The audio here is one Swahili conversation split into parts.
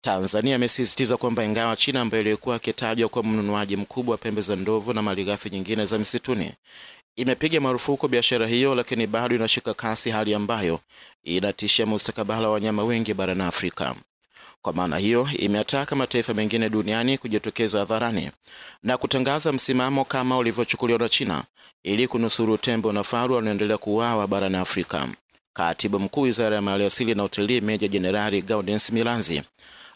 Tanzania amesisitiza kwamba ingawa China ambayo ilikuwa akitajwa kuwa mnunuaji mkubwa wa pembe za ndovu na malighafi nyingine za misituni imepiga marufuku biashara hiyo, lakini bado inashika kasi, hali ambayo inatishia mustakabala wa wanyama wengi barani Afrika. Kwa maana hiyo, imeataka mataifa mengine duniani kujitokeza hadharani na kutangaza msimamo kama ulivyochukuliwa na China ili kunusuru tembo na faru wanaoendelea kuuawa barani Afrika. Katibu Mkuu Wizara ya Maliasili na Utalii, Meja Jenerali Gaudens Milanzi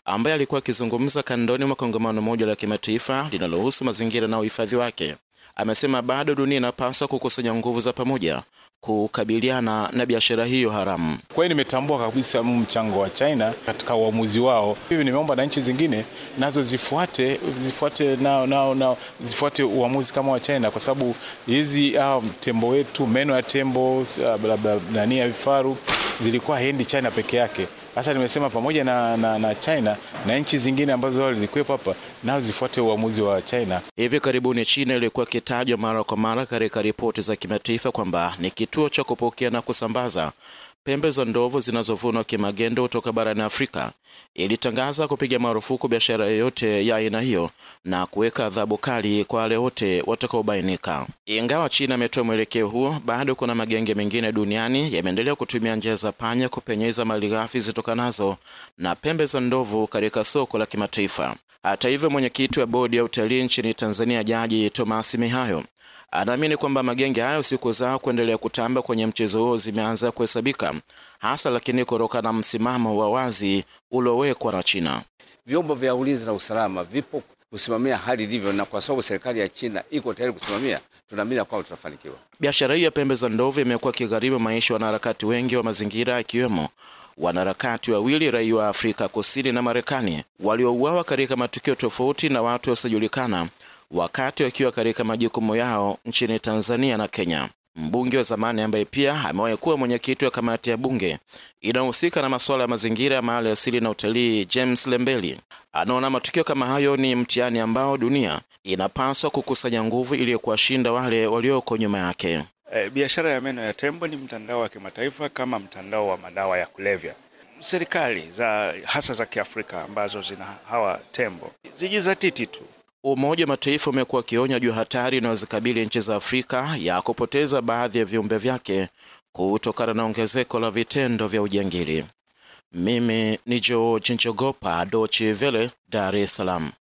ambaye alikuwa akizungumza kandoni mwa kongamano moja la kimataifa linalohusu mazingira na uhifadhi wake, amesema bado dunia inapaswa kukusanya nguvu za pamoja kukabiliana na biashara hiyo haramu. Kwa hiyo nimetambua kabisa mchango wa China katika uamuzi wao. Hivi nimeomba na nchi zingine nazo zifuate zifuate nao, nao, nao, zifuate uamuzi kama wa China, kwa sababu hizi um, tembo wetu meno ya tembo ah, nani ya vifaru zilikuwa hendi China peke yake. Sasa nimesema pamoja na, na, na China na nchi zingine ambazo wao zilikuwepo hapa nao zifuate uamuzi wa China. Hivi karibuni China ilikuwa ikitajwa mara kwa mara katika ripoti za kimataifa kwamba ni kituo cha kupokea na kusambaza pembe za ndovu zinazovunwa kimagendo kutoka barani Afrika ilitangaza kupiga marufuku biashara yoyote ya aina hiyo na kuweka adhabu kali kwa wale wote watakaobainika. Ingawa China ametoa mwelekeo huo, bado kuna magenge mengine duniani yameendelea kutumia njia za panya kupenyeza malighafi zitokanazo na pembe za ndovu katika soko la kimataifa. Hata hivyo, mwenyekiti wa bodi ya utalii nchini Tanzania, Jaji Thomas Mihayo, anaamini kwamba magenge hayo siku zao kuendelea kutamba kwenye mchezo huo zimeanza kuhesabika, hasa lakini kutokana na msimamo wa wazi uliowekwa na China. Vyombo vya ulinzi na usalama vipo kusimamia hali ilivyo, na kwa sababu serikali ya China iko tayari kusimamia, tunaamini kwamba tutafanikiwa. Biashara hii ya pembe za ndovu imekuwa kigharimu maisha wanaharakati wengi wa mazingira, akiwemo wanaharakati wawili raia wa Afrika Kusini na Marekani waliouawa katika matukio tofauti na watu wasiojulikana wakati wakiwa katika majukumu yao nchini Tanzania na Kenya. Mbunge wa zamani ambaye pia amewahi kuwa mwenyekiti wa kamati ya bunge inayohusika na masuala ya mazingira, ya mali asili na utalii, James Lembeli anaona matukio kama hayo ni mtihani ambao dunia inapaswa kukusanya nguvu ili kuwashinda wale walioko nyuma yake. Eh, biashara ya meno ya tembo ni mtandao wa kimataifa kama mtandao wa madawa ya kulevya. Serikali za hasa za Kiafrika ambazo zina hawa tembo zijizatiti tu. Umoja wa Mataifa umekuwa akionya juu hatari inayozikabili nchi za Afrika ya kupoteza baadhi ya viumbe vyake kutokana na ongezeko la vitendo vya ujangili. Mimi ni George Njogopa, Dochi Vele, Dar es Salaam.